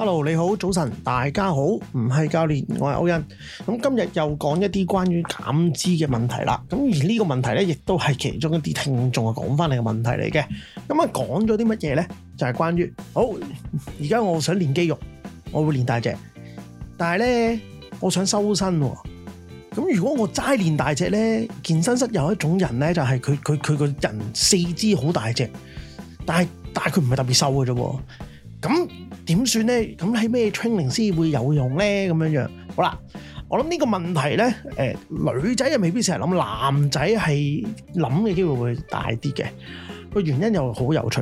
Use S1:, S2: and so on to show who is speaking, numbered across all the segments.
S1: hello，你好，早晨，大家好，唔係教練，我係歐欣。咁今日又講一啲關於減脂嘅問題啦。咁而呢個問題呢，亦都係其中一啲聽眾啊講翻嚟嘅問題嚟嘅。咁啊，講咗啲乜嘢呢？就係關於好，而家我想練肌肉，我會練大隻，但係呢，我想修身。咁如果我齋練大隻呢，健身室有一種人呢，就係佢佢佢個人四肢好大隻，但係但係佢唔係特別瘦嘅啫。咁點算呢？咁喺咩 training 先會有用呢？咁樣樣好啦，我諗呢個問題呢，誒、呃、女仔又未必成日諗，男仔係諗嘅機會會大啲嘅。個原因又好有趣，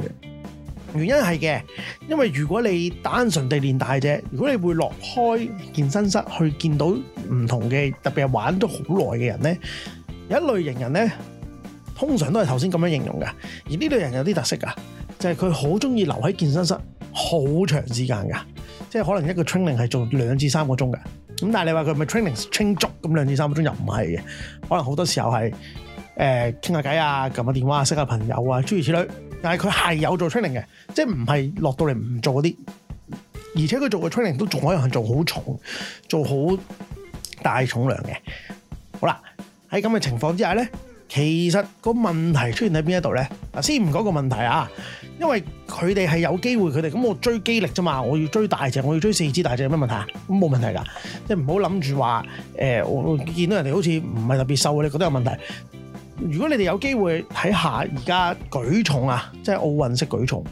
S1: 原因係嘅，因為如果你單純地練大隻，如果你會落開健身室去見到唔同嘅，特別係玩咗好耐嘅人呢，有一類型人呢，通常都係頭先咁樣形容嘅，而呢類人有啲特色㗎，就係佢好中意留喺健身室。好長時間㗎，即係可能一個 training 係做兩至三個鐘㗎。咁但係你話佢唔係 training train 足咁兩至三個鐘又唔係嘅，可能好多時候係誒傾下偈啊、撳下電話啊、識下朋友啊諸如此類。但係佢係有做 training 嘅，即係唔係落到嚟唔做嗰啲。而且佢做嘅 training 都仲可以係做好重、做好大重量嘅。好啦，喺咁嘅情況之下咧，其實個問題出現喺邊一度咧？嗱，先唔講個問題啊。因為佢哋係有機會，佢哋咁我追肌力啫嘛，我要追大隻，我要追四肢大隻，有咩問題啊？咁冇問題噶，即係唔好諗住話誒，我、呃、我見到人哋好似唔係特別瘦，你覺得有問題？如果你哋有機會睇下而家舉重啊，即係奧運式舉重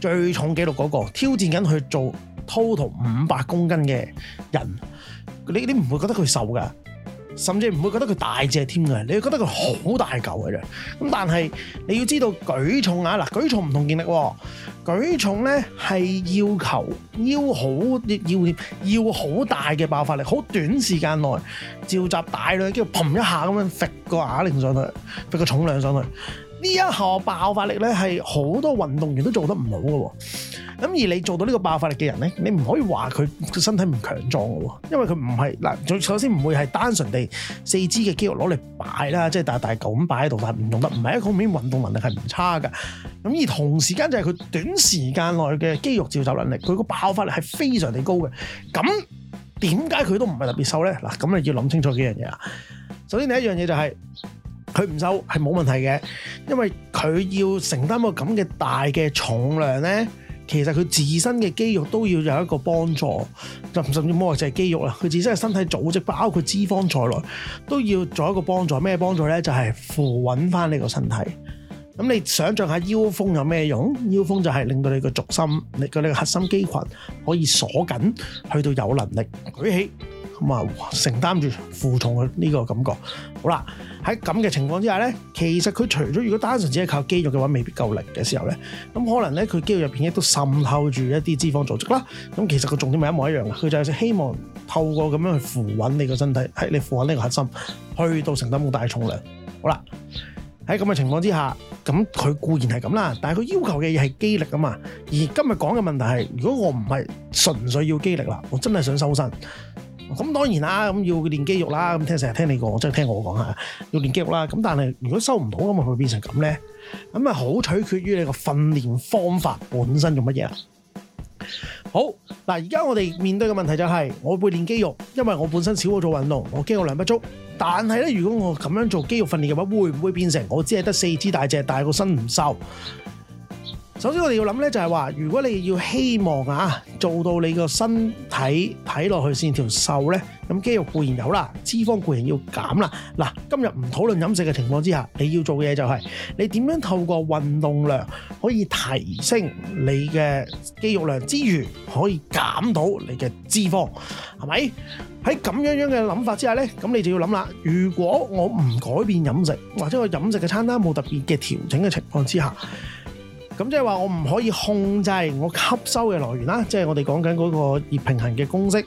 S1: 最重記錄嗰、嗰個挑戰緊去做 total 五百公斤嘅人，你你唔會覺得佢瘦噶？甚至唔會覺得佢大隻添㗎，你會覺得佢好大嚿嘅啫。咁但係你要知道舉重啊，嗱，舉重唔同健力喎，舉重咧係要求要好要要好大嘅爆發力，好短時間內召集大量，跟住砰一下咁樣揈個啞鈴上去，揈個重量上去。呢一項爆發力咧，係好多運動員都做得唔好嘅喎。咁而你做到呢個爆發力嘅人咧，你唔可以話佢個身體唔強壯嘅喎，因為佢唔係嗱，首先唔會係單純地四肢嘅肌肉攞嚟擺啦，即係大大舊咁擺喺度，但唔用得，唔係一個咁樣運動能力係唔差嘅。咁而同時間就係佢短時間內嘅肌肉召集能力，佢個爆發力係非常地高嘅。咁點解佢都唔係特別瘦咧？嗱，咁你要諗清楚幾樣嘢啦。首先第一樣嘢就係。佢唔收係冇問題嘅，因為佢要承擔個咁嘅大嘅重量呢，其實佢自身嘅肌肉都要有一個幫助，就甚甚至係肌肉啦，佢自身嘅身體組織包括脂肪在內都要做一個幫助。咩幫助呢？就係、是、扶穩翻你個身體。咁你想象下腰封有咩用？腰封就係令到你個軸心，令到你個你個核心肌群可以鎖緊，去到有能力舉起。咁啊，承擔住負重嘅呢個感覺，好啦。喺咁嘅情況之下咧，其實佢除咗如果單純只係靠肌肉嘅話，未必夠力嘅時候咧，咁可能咧佢肌肉入邊亦都滲透住一啲脂肪組織啦。咁其實個重點係一模一樣嘅，佢就係希望透過咁樣去扶穩你個身體，喺你扶穩呢個核心，去到承擔好大重量。好啦，喺咁嘅情況之下，咁佢固然係咁啦，但係佢要求嘅嘢係肌力啊嘛。而今日講嘅問題係，如果我唔係純粹要肌力啦，我真係想收身。咁當然啦，咁要練肌肉啦。咁聽成日聽你講，即係聽我講下，要練肌肉啦。咁但係如果收唔到咁咪會變成咁咧？咁啊，好取決於你個訓練方法本身做乜嘢啦。好嗱，而家我哋面對嘅問題就係，我會練肌肉，因為我本身少咗做運動，我肌肉量不足。但係咧，如果我咁樣做肌肉訓練嘅話，會唔會變成我只係得四肢大隻，但係個身唔瘦？首先我哋要諗呢，就係話如果你要希望啊，做到你個身體睇落去線條瘦呢，咁肌肉固然有啦，脂肪固然要減啦。嗱，今日唔討論飲食嘅情況之下，你要做嘅嘢就係你點樣透過運動量可以提升你嘅肌肉量之餘，可以減到你嘅脂肪，係咪？喺咁樣樣嘅諗法之下呢，咁你就要諗啦。如果我唔改變飲食，或者我飲食嘅餐單冇特別嘅調整嘅情況之下，咁即係話我唔可以控制我吸收嘅來源啦，即係我哋講緊嗰個熱平衡嘅公式，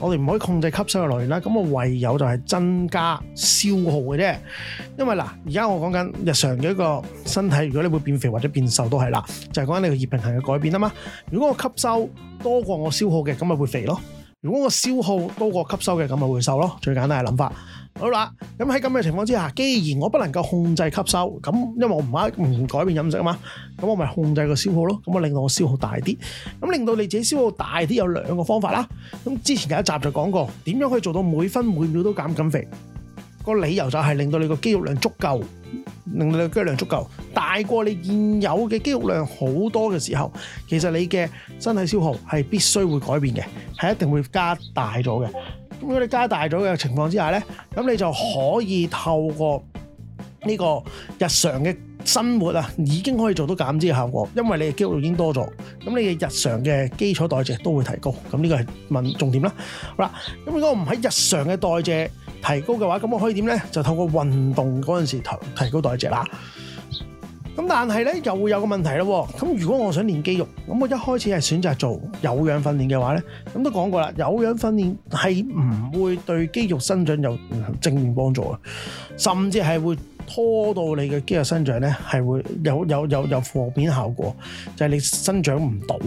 S1: 我哋唔可以控制吸收嘅來源啦。咁我唯有就係增加消耗嘅啫。因為嗱，而家我講緊日常嘅一個身體，如果你會變肥或者變瘦都係啦，就係講緊你個熱平衡嘅改變啊嘛。如果我吸收多過我消耗嘅，咁咪會肥咯。如果我消耗多過吸收嘅，咁咪會瘦咯，最簡單嘅諗法。好啦，咁喺咁嘅情況之下，既然我不能夠控制吸收，咁因為我唔係唔改變飲食啊嘛，咁我咪控制個消耗咯，咁啊令到我消耗大啲，咁令到你自己消耗大啲，有兩個方法啦。咁之前有一集就講過，點樣可以做到每分每秒都減緊肥？個理由就係令到你個肌肉量足夠。令到你嘅肌肉量足夠，大過你現有嘅肌肉量好多嘅時候，其實你嘅身體消耗係必須會改變嘅，係一定會加大咗嘅。咁如果你加大咗嘅情況之下呢，咁你就可以透過呢個日常嘅生活啊，已經可以做到減脂嘅效果，因為你嘅肌肉已經多咗，咁你嘅日常嘅基礎代謝都會提高。咁呢個係問重點啦。好啦，咁如果唔喺日常嘅代謝，提高嘅話，咁我可以點呢？就透過運動嗰陣時提提高代謝啦。咁但係呢，又會有個問題咯。咁如果我想練肌肉，咁我一開始係選擇做有氧訓練嘅話呢，咁都講過啦，有氧訓練係唔會對肌肉生長有正面幫助嘅，甚至係會拖到你嘅肌肉生長呢，係會有有有有負面效果，就係、是、你生長唔到。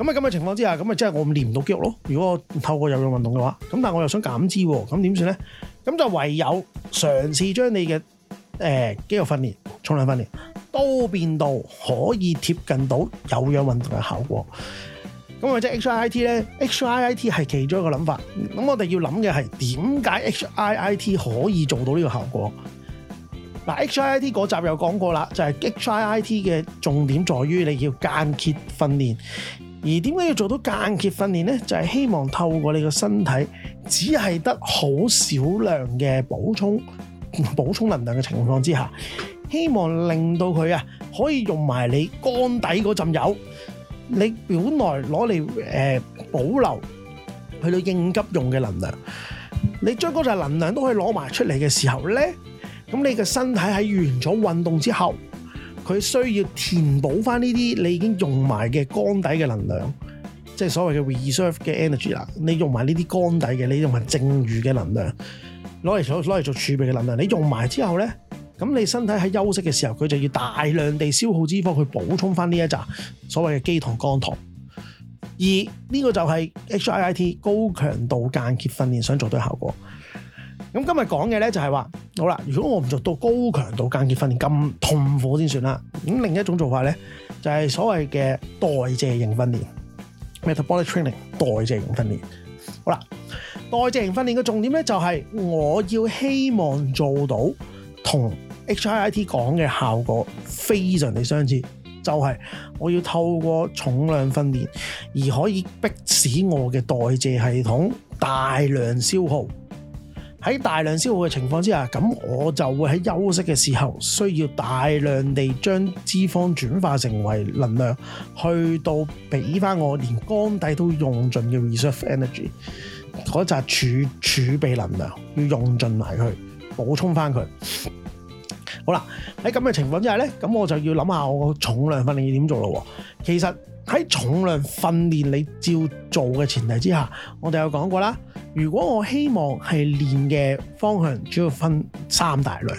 S1: 咁啊，咁嘅情況之下，咁啊，即係我練唔到肌肉咯。如果我透過有氧運動嘅話，咁但我又想減脂喎，咁點算呢？咁就唯有嘗試將你嘅誒、呃、肌肉訓練、重量訓練都變到可以貼近到有氧運動嘅效果。咁啊，即係 HIIT 呢？HIIT 係其中一個諗法。咁我哋要諗嘅係點解 HIIT 可以做到呢個效果？嗱，HIIT 嗰集又講過啦，就係、是、HIIT 嘅重點在於你要間歇訓練。而點解要做到間歇訓練呢？就係、是、希望透過你個身體，只係得好少量嘅補充、補充能量嘅情況之下，希望令到佢啊可以用埋你肝底嗰浸油，你本來攞嚟誒保留去到應急用嘅能量，你將嗰陣能量都可以攞埋出嚟嘅時候呢，咁你個身體喺完咗運動之後。佢需要填補翻呢啲你已經用埋嘅缸底嘅能量，即係所謂嘅 reserve 嘅 energy 啦。你用埋呢啲缸底嘅，你用埋剩餘嘅能量，攞嚟攞嚟做儲備嘅能量。你用埋之後呢，咁你身體喺休息嘅時候，佢就要大量地消耗脂肪去補充翻呢一扎所謂嘅肌糖、肝糖。而呢個就係 HIIT 高強度間歇訓練想做到嘅效果。咁今日講嘅咧就係話，好啦，如果我唔做到高強度間歇訓練咁痛苦先算啦，咁另一種做法咧就係、是、所謂嘅代謝型訓練 （metabolic training），代謝型訓練。好啦，代謝型訓練嘅重點咧就係我要希望做到同 HIIT 講嘅效果非常地相似，就係、是、我要透過重量訓練而可以迫使我嘅代謝系統大量消耗。喺大量消耗嘅情況之下，咁我就會喺休息嘅時候需要大量地將脂肪轉化成為能量，去到俾翻我連肝底都用盡嘅 reserve energy，嗰扎儲儲備能量要用盡埋去，補充翻佢。好啦，喺咁嘅情況之下呢，咁我就要諗下我個重量訓練要點做咯。其實喺重量訓練你照做嘅前提之下，我哋有講過啦。如果我希望係練嘅方向，主要分三大類。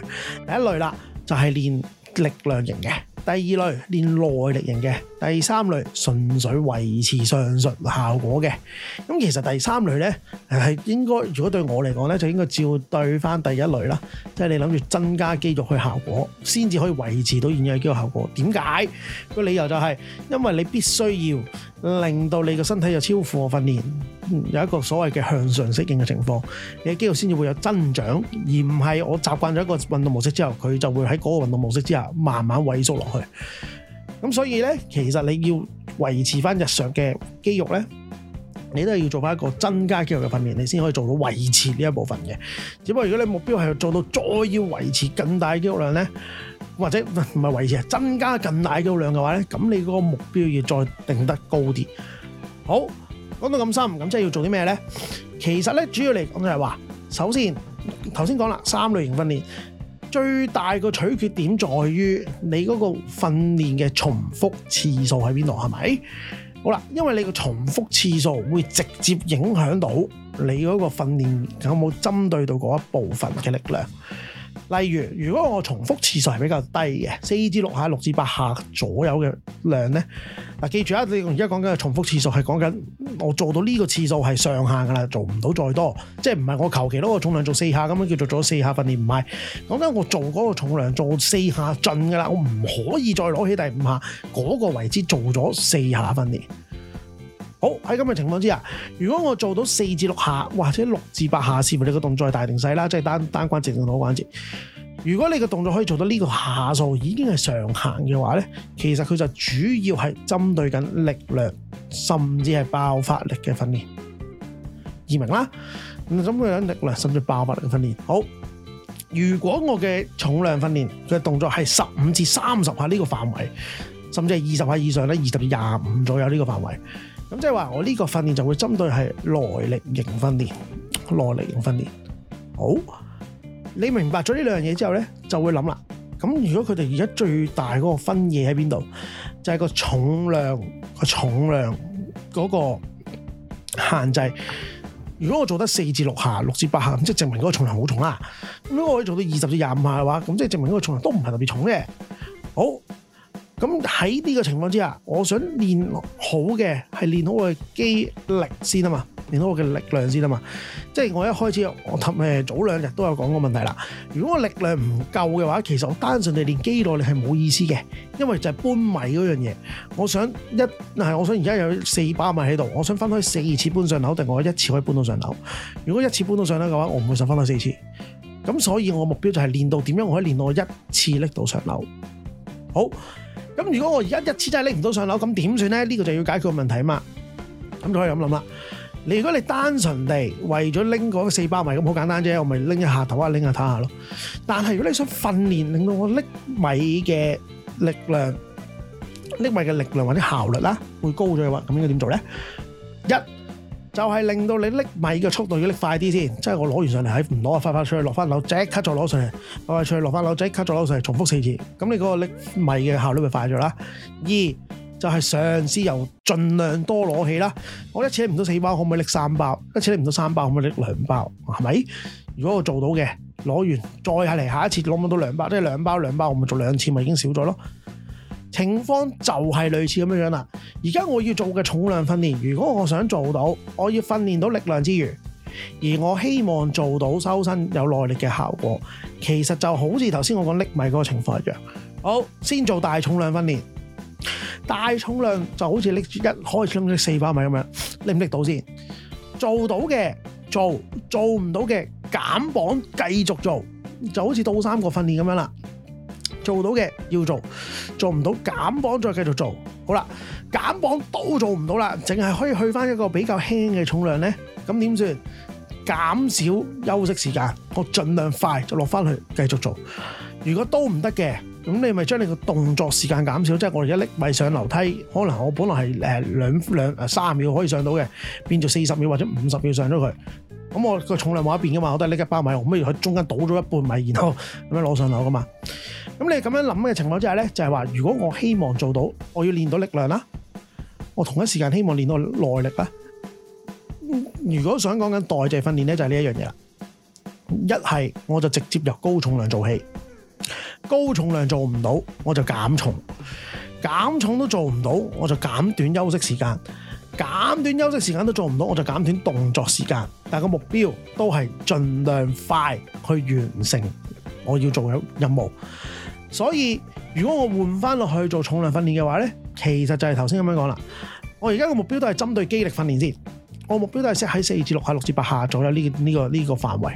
S1: 第一類啦，就係練力量型嘅；第二類練耐力型嘅；第三類純粹維持上述效果嘅。咁其實第三類呢，係應該如果對我嚟講呢，就應該照對返第一類啦。即係你諗住增加肌肉去效果，先至可以維持到現有肌肉嘅效果。點解？個理由就係因為你必須要令到你個身體有超負荷訓練。有一個所謂嘅向上適應嘅情況，你嘅肌肉先至會有增長，而唔係我習慣咗一個運動模式之後，佢就會喺嗰個運動模式之下慢慢萎縮落去。咁所以呢，其實你要維持翻日常嘅肌肉呢，你都係要做翻一個增加肌肉嘅訓練，你先可以做到維持呢一部分嘅。只不過如果你目標係要做到再要維持更大嘅肌肉量呢，或者唔係維持，增加更大嘅肌肉量嘅話呢，咁你嗰個目標要再定得高啲。好。講到咁深，咁即係要做啲咩呢？其實呢，主要嚟講就係話，首先頭先講啦，三類型訓練最大個取決點在於你嗰個訓練嘅重複次數喺邊度，係咪？好啦，因為你個重複次數會直接影響到你嗰個訓練有冇針對到嗰一部分嘅力量。例如，如果我重複次數係比較低嘅，四至六下、六至八下左右嘅量呢，嗱，記住啊，你而家講緊嘅重複次數係講緊我做到呢個次數係上限噶啦，做唔到再多，即係唔係我求其攞個重量做四下咁樣叫做做四下訓練，唔係，講緊我做嗰個重量做四下盡噶啦，我唔可以再攞起第五下嗰個位置做咗四下訓練。好，喺咁嘅情況之下，如果我做到四至六下，或者六至八下，視乎你個動作大定細啦，即係單單關節定多關節。如果你個動作可以做到呢個下數已經係上限嘅話咧，其實佢就主要係針對緊力量，甚至係爆發力嘅訓練。易明啦，咁樣力量甚至爆發力嘅訓練。好，如果我嘅重量訓練佢嘅動作係十五至三十下呢個範圍，甚至係二十下以上咧，二十至廿五左右呢個範圍。咁即係話，我呢個訓練就會針對係耐力型訓練，耐力型訓練。好，你明白咗呢兩樣嘢之後咧，就會諗啦。咁如果佢哋而家最大嗰個分野喺邊度？就係、是、個重量，個重量嗰個限制。如果我做得四至六下，六至八下，咁即係證明嗰個重量好重啦、啊。咁如果我可以做到二十至廿五下嘅話，咁即係證明嗰個重量都唔係特別重嘅、啊。好。咁喺呢個情況之下，我想練好嘅係練好我嘅肌力先啊嘛，練好我嘅力量先啊嘛。即係我一開始我頭誒早兩日都有講個問題啦。如果我力量唔夠嘅話，其實我單純地練肌耐力係冇意思嘅，因為就係搬米嗰樣嘢。我想一嗱係，我想而家有四百米喺度，我想分開四次搬上樓，定我一次可以搬到上樓？如果一次搬到上樓嘅話，我唔會想分開四次。咁所以我目標就係練到點樣，我可以練到我一次拎到上樓。好。咁如果我而家一次真係拎唔到上樓，咁點算咧？呢個就要解決個問題啊嘛。咁就可以咁諗啦。你如果你單純地為咗拎嗰四包米，咁好簡單啫，我咪拎一下頭啊，拎下睇下咯。但係如果你想訓練令到我拎米嘅力量，拎米嘅力量或者效率啦會高咗嘅話，咁應該點做咧？一就係令到你拎米嘅速度要拎快啲先，即係我攞完上嚟喺唔攞啊，快出去落翻樓，即刻再攞上嚟，快快出去落翻樓，即刻再攞上嚟，重複四次。咁你嗰個拎米嘅效率咪快咗啦？二就係上司由盡量多攞起啦。我一次拎唔到四包，可唔可以拎三包？一次拎唔到三包，可唔可以拎兩包？係咪？如果我做到嘅，攞完再下嚟下一次攞唔到兩包，即係兩包兩包，我咪做兩次，咪已經少咗咯。情況就係類似咁樣樣啦。而家我要做嘅重量訓練，如果我想做到，我要訓練到力量之餘，而我希望做到修身有耐力嘅效果，其實就好似頭先我講拎米嗰個情況一樣。好，先做大重量訓練，大重量就好似拎住一開始拎住四百米咁樣，拎唔拎到先？做到嘅做，做唔到嘅減磅繼續做，就好似倒三角訓練咁樣啦。做到嘅要做，做唔到減磅再繼續做好啦。減磅都做唔到啦，淨係可以去翻一個比較輕嘅重量咧。咁點算？減少休息時間，我盡量快就落翻去繼續做。如果都唔得嘅，咁你咪將你個動作時間減少，即係我哋一拎米上樓梯，可能我本來係兩三秒可以上到嘅，變做四十秒或者五十秒上咗佢。咁我個重量冇變噶嘛，我都係拎一包米，我不如喺中間倒咗一半米，然後咁樣攞上樓噶嘛。咁你咁樣諗嘅情況之下呢，就係話如果我希望做到，我要練到力量啦，我同一時間希望練到耐力啦。如果想講緊代謝訓練呢，就係呢一樣嘢啦。一係我就直接由高重量做起，高重量做唔到我就減重，減重都做唔到我就減短休息時間，減短休息時間都做唔到我就減短動作時間。但個目標都係盡量快去完成我要做嘅任務。所以如果我換翻落去做重量訓練嘅話咧，其實就係頭先咁樣講啦。我而家嘅目標都係針對肌力訓練先，我目標都係 set 喺四至六下、六至八下左右呢呢個呢、呢個呢個、範圍。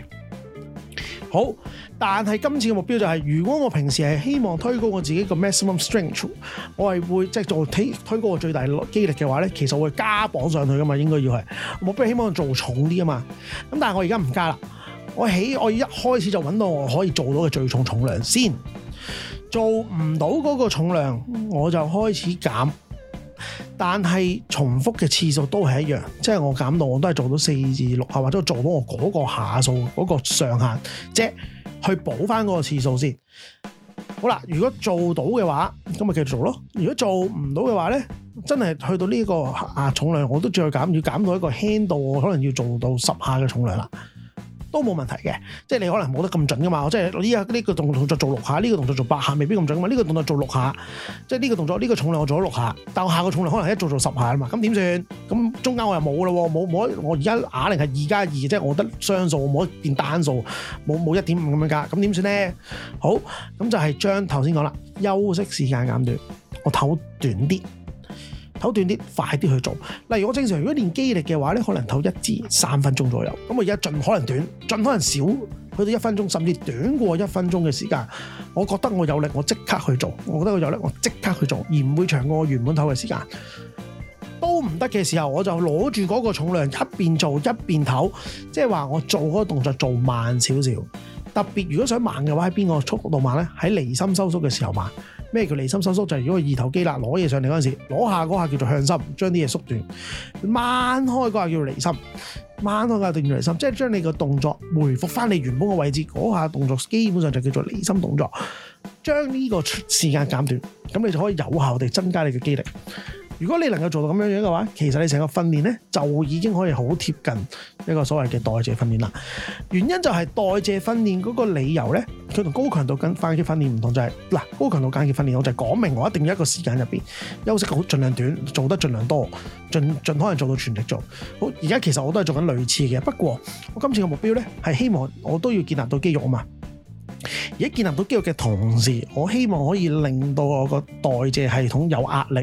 S1: 好，但係今次嘅目標就係、是，如果我平時係希望推高我自己嘅 maximum strength，我係會即係做推推高我最大肌力嘅話咧，其實我會加磅上去噶嘛，應該要係我比較希望做重啲啊嘛。咁但係我而家唔加啦，我起我一開始就揾到我可以做到嘅最重重量先。做唔到嗰個重量，我就開始減。但係重複嘅次數都係一樣，即係我減到我都係做到四至六下，或者我做到我嗰個下數，嗰個上限，即係去補翻嗰個次數先。好啦，如果做到嘅話，咁咪繼續做咯。如果做唔到嘅話呢，真係去到呢個啊重量，我都再減，要減到一個輕度，我可能要做到十下嘅重量啦。都冇問題嘅，即係你可能冇得咁準噶嘛，即係依家呢個動作做六下，呢個動作做八下，未必咁準㗎嘛，呢個動作做六下，即係呢個動作呢、呢個重量我做咗六下，但係下個重量可能一做做十下啊嘛，咁點算？咁中間我又冇咯，冇冇我而家啞鈴係二加二，即係我得雙數，我冇一變單數，冇冇一點五咁樣加，咁點算咧？好，咁就係將頭先講啦，休息時間減短，我唞短啲。唞短啲，快啲去做。例如我正常如果練肌力嘅話呢，可能唞一至三分鐘左右。咁我而家盡可能短，盡可能少，去到一分鐘，甚至短過一分鐘嘅時間。我覺得我有力，我即刻去做；我覺得我有力，我即刻去做，而唔會長過我原本唞嘅時間。都唔得嘅時候，我就攞住嗰個重量一邊做一邊唞，即係話我做嗰個動作做慢少少。特別如果想慢嘅話，喺邊個速度慢呢？喺離心收縮嘅時候慢。咩叫離心收縮？就係如果二頭肌啦，攞嘢上嚟嗰陣時，攞下嗰下叫做向心，將啲嘢縮短；慢開嗰下叫做離心，慢開嗰下定住離心，即係將你個動作回復翻你原本嘅位置，嗰下動作基本上就叫做離心動作，將呢個時間減短，咁你就可以有效地增加你嘅肌力。如果你能夠做到咁樣樣嘅話，其實你成個訓練呢，就已經可以好貼近一個所謂嘅代謝訓練啦。原因就係代謝訓練嗰個理由呢，佢同高強度間歇訓練唔同，就係、是、嗱高強度間歇訓練，我就係講明我一定要一個時間入面休息好，盡量短，做得盡量多，盡可能做到全力做。好而家其實我都係做緊類似嘅，不過我今次嘅目標呢，係希望我都要建立到肌肉啊嘛。而喺建立到肌肉嘅同時，我希望可以令到我個代謝系統有壓力，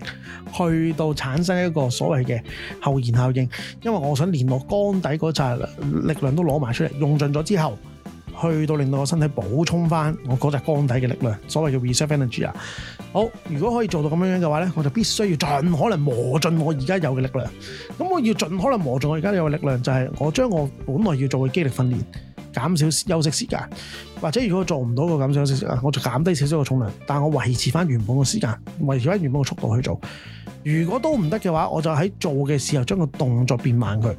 S1: 去到產生一個所謂嘅後燃效應，因為我想連落缸底嗰紮力量都攞埋出嚟，用盡咗之後，去到令到我身體補充翻我嗰紮缸底嘅力量，所謂嘅 reserve energy 啊。好，如果可以做到咁樣樣嘅話呢，我就必須要盡可能磨盡我而家有嘅力量。咁我要盡可能磨盡我而家有嘅力量，就係、是、我將我本來要做嘅肌力訓練。減少休息時間，或者如果做唔到個減少休息時間，我就減低少少個重量，但我維持翻原本個時間，維持翻原本個速度去做。如果都唔得嘅話，我就喺做嘅時候將個動作變慢佢，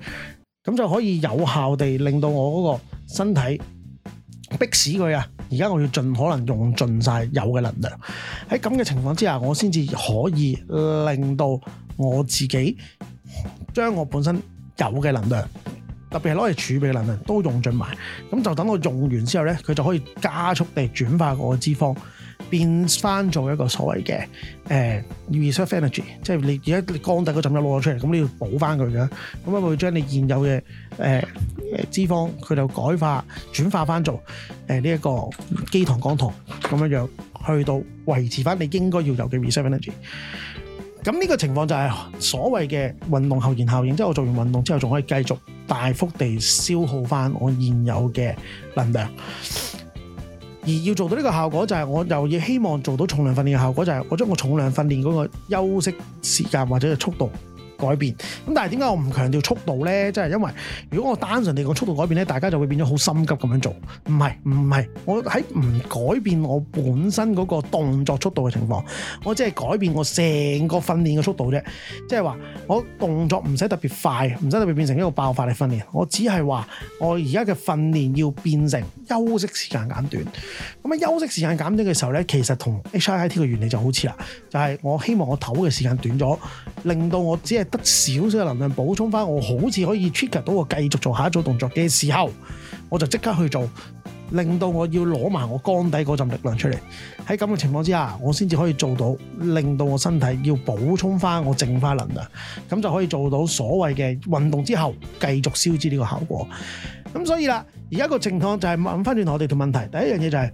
S1: 咁就可以有效地令到我嗰個身體逼使佢啊！而家我要盡可能用盡晒有嘅能量，喺咁嘅情況之下，我先至可以令到我自己將我本身有嘅能量。特別係攞嚟儲備嘅能量，都用盡埋，咁就等我用完之後咧，佢就可以加速地轉化我嘅脂肪，變翻做一個所謂嘅誒、呃、reserve energy，即係你而家你降低嗰陣，你攞咗出嚟，咁你要補翻佢嘅，咁咪會將你現有嘅誒、呃、脂肪，佢就改化轉化翻做誒呢一個肌糖肝糖咁樣樣，去到維持翻你應該要有嘅 reserve energy。咁呢個情況就係所謂嘅運動後燃效應，即係我做完運動之後，仲可以繼續。大幅地消耗翻我現有嘅能量，而要做到呢個效果就係，我又要希望做到重量訓練嘅效果就係，我將我重量訓練嗰個休息時間或者係速度改變咁，但係點解我唔強調速度呢？即係因為如果我單純地講速度改變咧，大家就會變咗好心急咁樣做。唔係唔係，我喺唔改變我本身嗰個動作速度嘅情況，我只係改變我成個訓練嘅速度啫。即係話我動作唔使特別快，唔使特別變成一個爆發力訓練。我只係話我而家嘅訓練要變成休息時間減短。咁啊，休息時間減短嘅時候呢，其實同 HIIT 嘅原理就好似啦，就係我希望我唞嘅時間短咗。令到我只係得少少嘅能量補充翻，我好似可以 trick 到我繼續做下一組動作嘅時候，我就即刻去做，令到我要攞埋我缸底嗰陣力量出嚟。喺咁嘅情況之下，我先至可以做到，令到我身體要補充翻我淨化能量，咁就可以做到所謂嘅運動之後繼續消脂呢個效果。咁所以啦，而家個情況就係問翻轉我哋條問題，第一樣嘢就係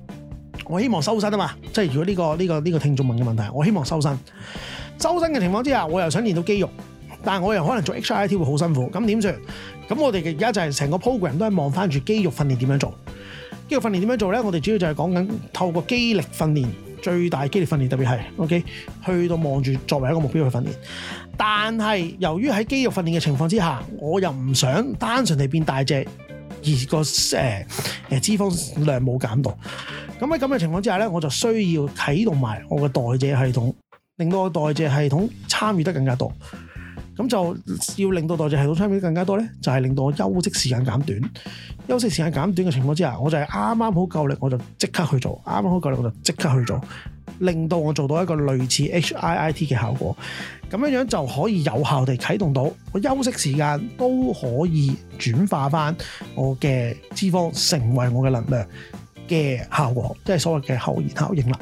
S1: 我希望收身啊嘛，即係如果呢個呢個呢個聽眾問嘅問題，我希望收身。周身嘅情況之下，我又想練到肌肉，但我又可能做 h i t 會好辛苦，咁點算？咁我哋而家就係成個 program 都係望翻住肌肉訓練點樣做。肌肉訓練點樣做呢？我哋主要就係講緊透過肌力訓練，最大的肌力訓練，特別係 OK，去到望住作為一個目標去訓練。但係由於喺肌肉訓練嘅情況之下，我又唔想單純地變大隻，而、那個、呃、脂肪量冇減到。咁喺咁嘅情況之下呢，我就需要啟度埋我嘅代謝系統。令到我代謝系統參與得更加多，咁就要令到代謝系統參與得更加多呢就係令到我休息時間減短，休息時間減短嘅情況之下，我就係啱啱好夠力，我就即刻去做；啱啱好夠力，我就即刻去做，令到我做到一個類似 HIIT 嘅效果，咁樣樣就可以有效地啟動到我休息時間都可以轉化返我嘅脂肪成為我嘅能量嘅效果，即係所謂嘅後燃效應啦。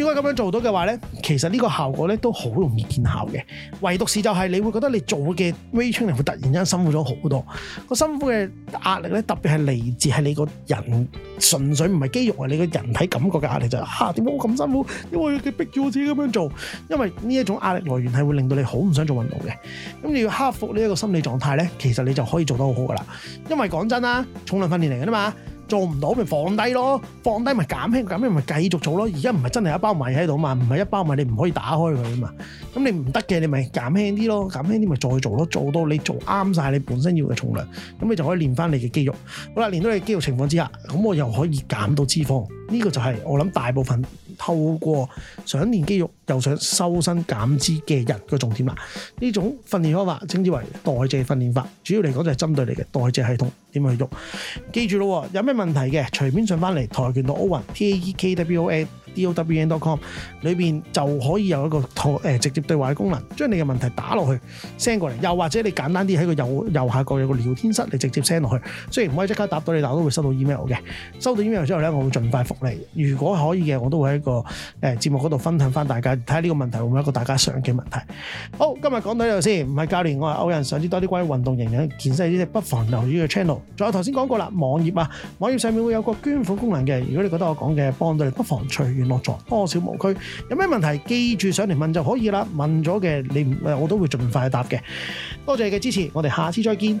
S1: 如果咁樣做到嘅話咧，其實呢個效果咧都好容易見效嘅。唯獨是就係你會覺得你做嘅 weight training 會突然間辛苦咗好多。個辛苦嘅壓力咧，特別係嚟自係你個人，純粹唔係肌肉啊，你個人體感覺嘅壓力就係吓，點解我咁辛苦？因為佢逼住我自己咁樣做。因為呢一種壓力來源係會令到你好唔想做運動嘅。咁你要克服呢一個心理狀態咧，其實你就可以做得好好噶啦。因為講真啦，重量訓練嚟噶嘛。做唔到咪放低咯，放低咪減輕，減輕咪繼續做咯。而家唔係真係一包米喺度嘛，唔係一包米你唔可以打開佢啊嘛。咁你唔得嘅，你咪減輕啲咯，減輕啲咪再做咯。做到你做啱晒你本身要嘅重量，咁你就可以練翻你嘅肌肉。好啦，練到你肌肉情況之下，咁我又可以減到脂肪。呢個就係我諗大部分。透過想練肌肉又想修身減脂嘅人嘅重點啦，呢種訓練方法稱之為代謝訓練法，主要嚟講就係針對你嘅代謝系統點樣去喐。記住咯，有咩問題嘅，隨便上翻嚟跆拳道奧運 T A E K W O N D O W E N dot com 裏面就可以有一個直接對話嘅功能，將你嘅問題打落去 send 過嚟，又或者你簡單啲喺個右右下角有個聊天室你直接 send 落去。雖然唔可以即刻答到你，但我都會收到 email 嘅。收到 email 之後咧，我會盡快復你。如果可以嘅，我都會喺個誒節目嗰度分享翻大家睇下呢個問題會唔會一個大家想嘅問題？好，今日講到呢度先，唔係教練，我係 Owen，想知多啲關於運動營養、健身呢啲，不妨留意個 channel。仲有頭先講過啦，網頁啊，網頁上面會有個捐款功能嘅。如果你覺得我講嘅幫到你，不妨隨緣樂助，多少無拘。有咩問題，記住上嚟問就可以啦。問咗嘅你，我都會盡快答嘅。多謝你嘅支持，我哋下次再見。